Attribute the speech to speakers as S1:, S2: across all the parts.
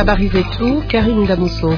S1: Habari tout, Karine Damousseau.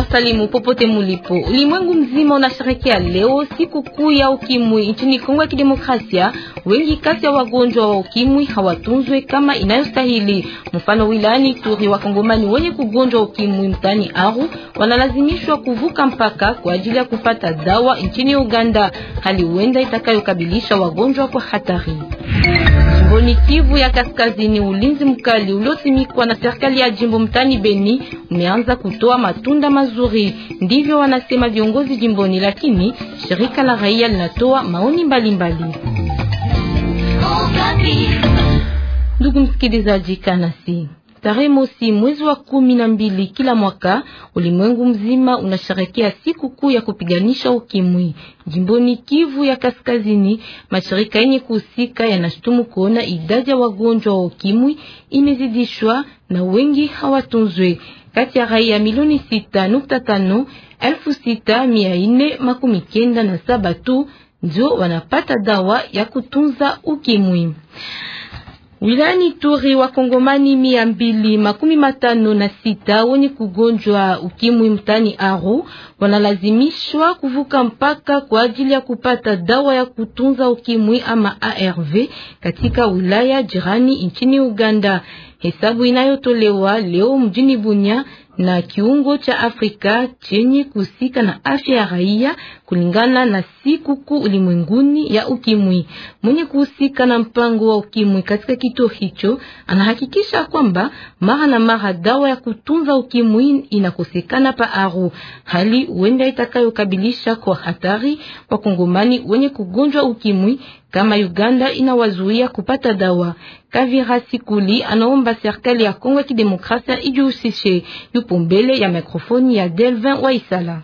S1: wasalimu popote mulipo. Ulimwengu mzima unasherekea leo siku kuu ya ukimwi. Nchini Kongo ya Kidemokrasia, wengi kati ya wagonjwa wa ukimwi hawatunzwe kama inayostahili. Mfano, wilayani Turi, wakongomani wenye kugonjwa ukimwi mtani Aru wanalazimishwa kuvuka mpaka kwa ajili ya kupata dawa nchini Uganda, hali huenda itakayokabilisha wagonjwa kwa hatari. Jimboni Kivu ya Kaskazini, ulinzi mkali uliosimikwa na serikali ya jimbo mtani Beni umeanza kutoa matunda mazuri, ndivyo wanasema viongozi jimboni, lakini shirika la raia linatoa maoni mbalimbali mbali. Oh, Ndugu msikilizaji, kanasi Tarehe mosi mwezi wa kumi na mbili kila mwaka ulimwengu mzima unasherekea siku kuu ya kupiganisha ukimwi. Jimboni Kivu ya Kaskazini, mashirika yenye kuhusika yanashutumu kuona idadi ya wagonjwa wa ukimwi imezidishwa na wengi hawatunzwe. Kati ya raia milioni sita nukta tano elfu sita mia nne makumi kenda na saba tu ndio wanapata dawa ya kutunza ukimwi. Wilayani Turi Kongomani mia mbili makumi matano na sita wenye kugonjwa ukimwi mtani Aru wanalazimishwa kuvuka mpaka kwa ajili ya kupata dawa ya kutunza ukimwi ama ARV katika wilaya jirani nchini Uganda. Hesabu inayotolewa leo mjini Bunya na kiungo cha Afrika chenye kusika na afya ya raia kulingana na siku kuu ulimwenguni ya ukimwi. Mwenye kusika na mpango wa ukimwi katika kituo hicho anahakikisha kwamba mara na mara dawa ya kutunza ukimwi inakosekana pa Aru, hali huenda itakayokabilisha kwa hatari wakongomani wenye kugonjwa ukimwi kama Uganda inawazuia kupata dawa. Kavira Sikuli anaomba serikali ya Kongo ya Kidemokrasia ijihusishe. Yupo mbele ya mikrofoni ya Delvin Waisala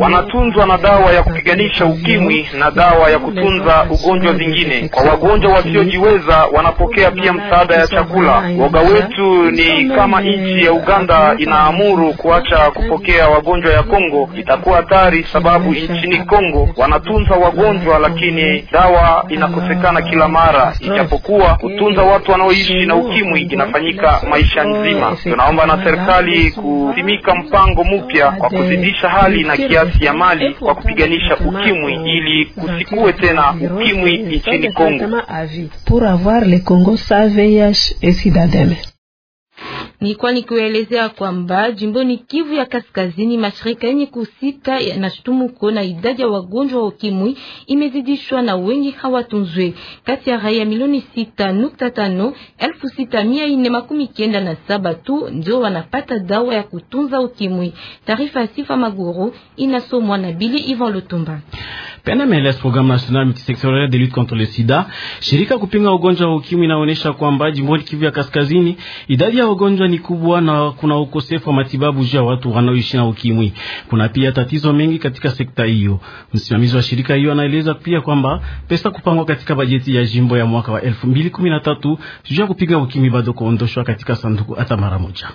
S2: wanatunzwa na dawa ya kupiganisha ukimwi na dawa ya kutunza ugonjwa zingine. Kwa wagonjwa wasiojiweza, wanapokea pia msaada ya chakula. Woga wetu ni kama nchi ya Uganda inaamuru kuacha kupokea wagonjwa ya Kongo, itakuwa hatari, sababu nchini Kongo wanatunza wagonjwa, lakini dawa inakosekana kila mara, ijapokuwa kutunza watu wanaoishi na ukimwi inafanyika maisha nzima. Tunaomba na serikali kusimika mpango mpya kwa kuzidisha hali serikali na kiasi ya mali kwa kupiganisha ukimwi ili kusikuwe tena ukimwi nchini Kongo
S1: nilikuwa nikiwaelezea kwamba jimboni Kivu ya Kaskazini, mashirika yenye kuhusika yanashutumu kuona idadi ya wagonjwa wa ukimwi imezidishwa na wengi hawatunzwe. Kati ya raia milioni sita nukta tano elfu sita mia nne makumi kenda na saba tu ndio wanapata dawa ya kutunza ukimwi. Taarifa ya Sifa Maguru inasomwa na Bili Ivan Lutumba.
S3: PNMLS, programme national multisectoriel de lutte contre le sida, shirika kupinga ugonjwa wa ukimwi, inaonyesha kwamba jimboni Kivu ya Kaskazini idadi ya wagonjwa ni kubwa na kuna ukosefu wa matibabu juu ya watu wanaoishi na ukimwi. Kuna pia tatizo mengi katika sekta hiyo. Msimamizi wa shirika hiyo anaeleza pia kwamba pesa kupangwa katika bajeti ya jimbo ya mwaka wa 2013 juu ya kupinga ukimwi bado kuondoshwa katika sanduku hata mara moja.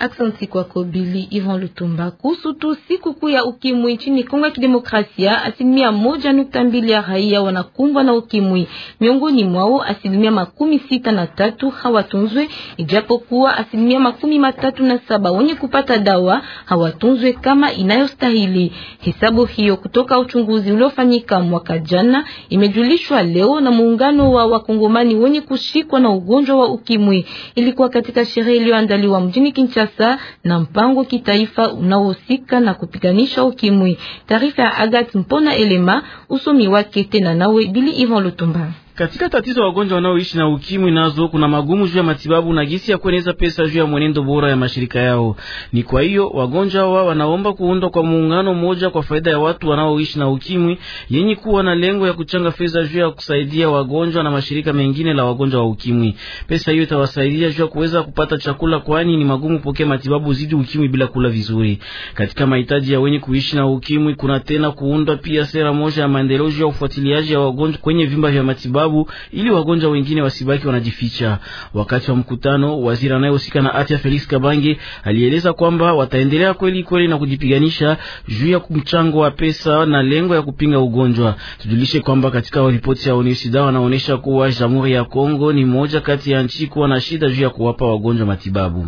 S1: Aksanti kwako Bili Ivan Lutumba. Kuhusu tu kuu ya ukimwi nchini Kongo ya Kidemokrasia, asilimia moja nukta mbili ya raia wanakumbwa na ukimwi, miongoni mwao asilimia makumi sita na tatu hawatunzwe, ijapokuwa asilimia makumi matatu na saba wenye kupata dawa hawatunzwe kama inayostahili. Hesabu hiyo kutoka uchunguzi uliofanyika mwaka jana imejulishwa leo na muungano wa wakongomani wenye kushikwa na ugonjwa wa ukimwi. Ilikuwa katika sherehe iliyoandaliwa mjini Kinshasa Kinshasa na mpango kitaifa unaohusika na kupiganisha ukimwi. Taarifa ya Agathe Mpona Elema, usomi wake tena nawe Bili Ivan Lutumba.
S3: Katika tatizo wagonjwa wanaoishi na ukimwi nazo kuna magumu juu ya matibabu na gisi ya kueneza pesa juu ya mwenendo bora ya mashirika yao. Ni kwa hiyo wagonjwa hawa wanaomba kuundwa kwa muungano mmoja kwa faida ya watu wanaoishi na ukimwi yenye kuwa na lengo ya kuchanga fedha juu ya kusaidia wagonjwa na mashirika mengine la wagonjwa wa ukimwi. Pesa hiyo itawasaidia juu ya kuweza kupata chakula, kwani ni magumu pokea matibabu zidi ukimwi bila kula vizuri. Katika mahitaji ya wenye kuishi na ukimwi kuna tena kuundwa pia sera moja ya maendeleo juu ya ufuatiliaji ya wagonjwa kwenye vyumba vya matibabu matibabu ili wagonjwa wengine wasibaki wanajificha. Wakati wa mkutano, waziri anayehusika na afya Felix Kabange alieleza kwamba wataendelea kweli kweli na kujipiganisha juu ya mchango wa pesa na lengo ya kupinga ugonjwa. Tujulishe kwamba katika ripoti ya UNISIDA wanaonyesha kuwa Jamhuri ya Kongo ni moja kati ya nchi kuwa na shida juu ya kuwapa wagonjwa matibabu.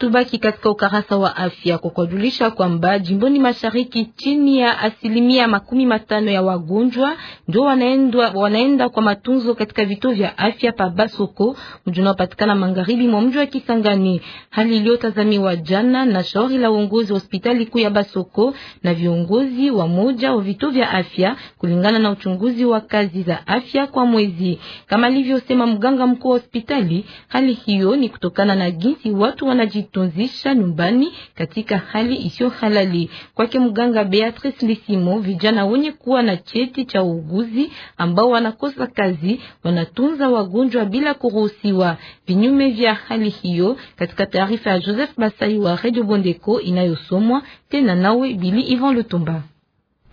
S1: Tubaki katika ukarasa wa afya kwa kujulisha kwamba jimboni mashariki chini ya asilimia makumi matano ya wagonjwa ndio wanaenda wanaenda kwa matunzo katika vituo vya afya pa Basoko, mji unaopatikana magharibi mwa mji wa Kisangani, hali iliyotazamiwa jana na shauri la uongozi wa hospitali kuu ya Basoko na viongozi wa moja wa vituo vya afya, kulingana na uchunguzi wa kazi za afya kwa mwezi. Kama alivyosema mganga mkuu wa hospitali, hali hiyo ni kutokana na jinsi watu wanaji kutunzisha nyumbani katika hali isiyo halali. Kwake mganga Beatrice Lisimo, vijana wenye kuwa na cheti cha uuguzi ambao wanakosa kazi wanatunza wagonjwa bila kuruhusiwa. Vinyume vya hali hiyo, katika taarifa ya Joseph Basai wa Radio Bondeko inayosomwa tena nawe Bili Ivan Lutumba.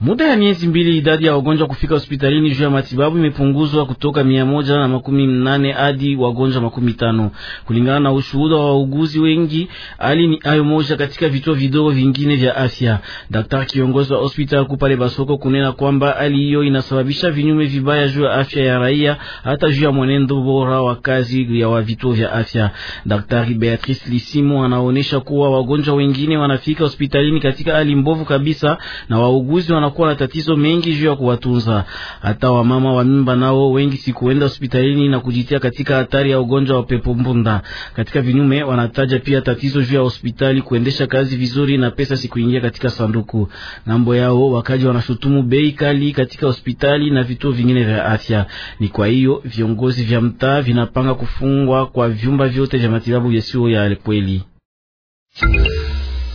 S3: Muda ya miezi mbili idadi ya wagonjwa kufika hospitalini juu ya matibabu imepunguzwa kutoka mia moja na makumi mnane hadi wagonjwa makumi tano kulingana na ushuhuda wa wauguzi wengi. Hali ni ayo moja katika vituo vidogo vingine vya afya. Daktari kiongozi wa hospitali kupale Basoko kunena kwamba hali hiyo inasababisha vinyume vibaya juu ya afya ya raia, hata juu ya mwenendo bora wa kazi ya wa vituo vya afya. Daktari Beatrice Lisimo anaonesha kuwa wagonjwa wengine wanafika hospitalini katika hali mbovu kabisa na wauguzi wana wanakuwa na tatizo mengi juu ya kuwatunza. Hata wamama wa mimba nao wengi sikuenda hospitalini na kujitia katika hatari ya ugonjwa wa pepo mbunda. Katika vinyume wanataja pia tatizo juu ya hospitali kuendesha kazi vizuri na pesa sikuingia katika sanduku. Ngambo yao wakaji wanashutumu bei kali katika hospitali na vituo vingine vya afya. Ni kwa hiyo viongozi vya mtaa vinapanga kufungwa kwa vyumba vyote vya matibabu yasiyo ya kweli.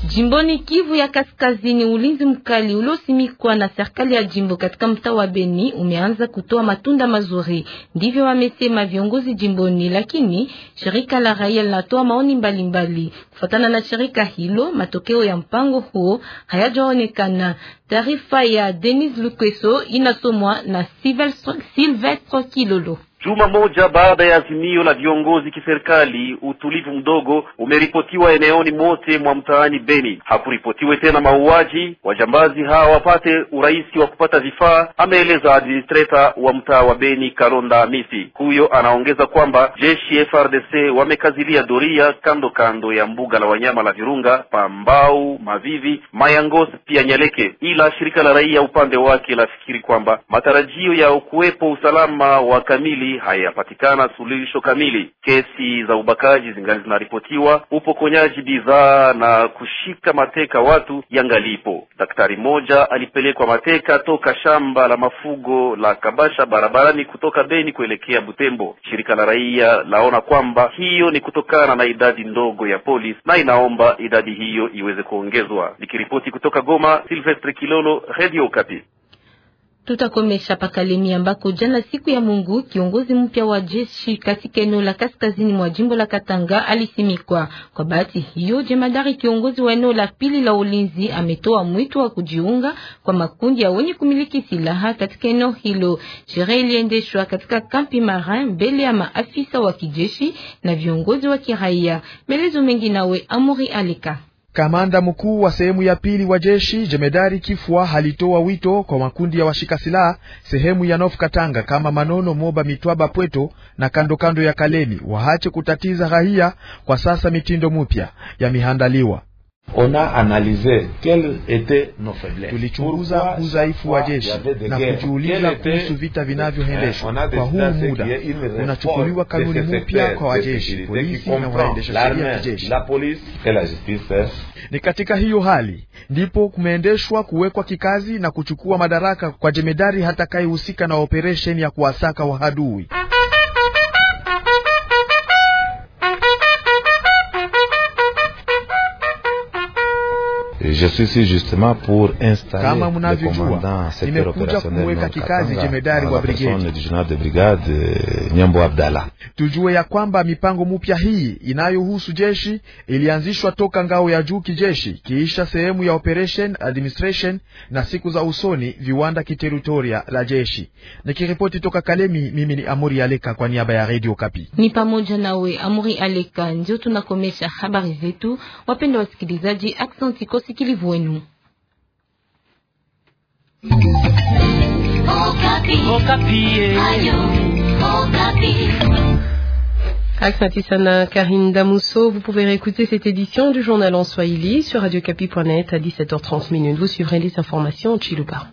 S1: Jimboni Kivu ya Kaskazini, ulinzi mkali uliosimikwa na serikali ya jimbo katika mtaa wa Beni umeanza kutoa matunda mazuri, ndivyo wamesema viongozi jimboni. Lakini shirika la raia linatoa maoni mbalimbali. Kufuatana na shirika hilo, matokeo ya mpango huo hayajaonekana. Taarifa ya Denis Lukweso inasomwa na Silvestre Kilolo.
S2: Juma moja baada ya azimio la viongozi kiserikali, utulivu mdogo umeripotiwa eneoni mote mwa mtaani Beni. Hakuripotiwe tena mauaji, wajambazi hawa wapate urahisi wa kupata vifaa, ameeleza administreta wa mtaa wa Beni Kalonda Misi. Huyo anaongeza kwamba jeshi FRDC wamekazilia doria kando kando ya mbuga la wanyama la Virunga, Pambau, Mavivi, Mayangos pia Nyaleke, ila shirika la raia upande wake lafikiri kwamba matarajio ya kuwepo usalama wa kamili hayapatikana suluhisho kamili. Kesi za ubakaji zingali zinaripotiwa, upokonyaji bidhaa na kushika mateka watu yangalipo. Daktari mmoja alipelekwa mateka toka shamba la mafugo la Kabasha barabarani kutoka Beni kuelekea Butembo. Shirika la raia laona kwamba hiyo ni kutokana na idadi ndogo ya polisi na inaomba idadi hiyo iweze kuongezwa. Nikiripoti kutoka Goma, Silvestre Kilolo, Radio Okapi.
S1: Tutakomesha pakalemi ambako jana siku ya Mungu kiongozi mpya wa jeshi katika eneo la kaskazini mwa jimbo la Katanga alisimikwa. Kwa bahati hiyo, jemadari kiongozi wa eneo la pili la ulinzi ametoa mwito wa kujiunga kwa makundi ya wenye kumiliki silaha katika eneo hilo. Sherehe iliendeshwa katika kampi Marin mbele ya maafisa wa kijeshi na viongozi wa kiraia. Melezo mengi nawe Amuri Alika.
S4: Kamanda mkuu wa sehemu ya pili wa jeshi jemedari Kifwa halitoa wito kwa makundi ya washika silaha sehemu ya Nof Katanga kama Manono, Moba, Mitwaba, Pweto na kandokando kando ya Kalemi waache kutatiza raia. Kwa sasa mitindo mupya yamehandaliwa Tulichunguza udhaifu wa jeshi na kujiuliza kuhusu vita vinavyoendeshwa eh, kwa huu muda. Unachukuliwa kanuni mpya kwa wajeshi polisi na wanaendesha sheria ya kijeshi. Ni katika hiyo hali ndipo kumeendeshwa kuwekwa kikazi na kuchukua madaraka kwa jemedari hatakayehusika na operesheni ya kuwasaka wahadui. Kama mnavyojua, nimekuja kuweka kikazi jemedari wa brigade euh, Nyambo Abdalla. Tujue ya kwamba mipango mupya hii inayohusu jeshi ilianzishwa toka ngao ya juu kijeshi, kiisha sehemu ya operation administration, na siku za usoni viwanda kiteritoria la jeshi. Nikiripoti toka Kalemi, mimi ni Amuri Aleka kwa niaba ya Radio Kapi.
S1: Ni pamoja nawe Amuri Aleka. Ndio tunakomesha habari zetu, wapendwa wasikilizaji, aksanti kosi sikilivweni Asante sana Karine Damuso. Vous pouvez réécouter cette édition du journal en Swahili sur radiocapi.net à 17h30 minutes. Vous suivrez les informations en Chiluba.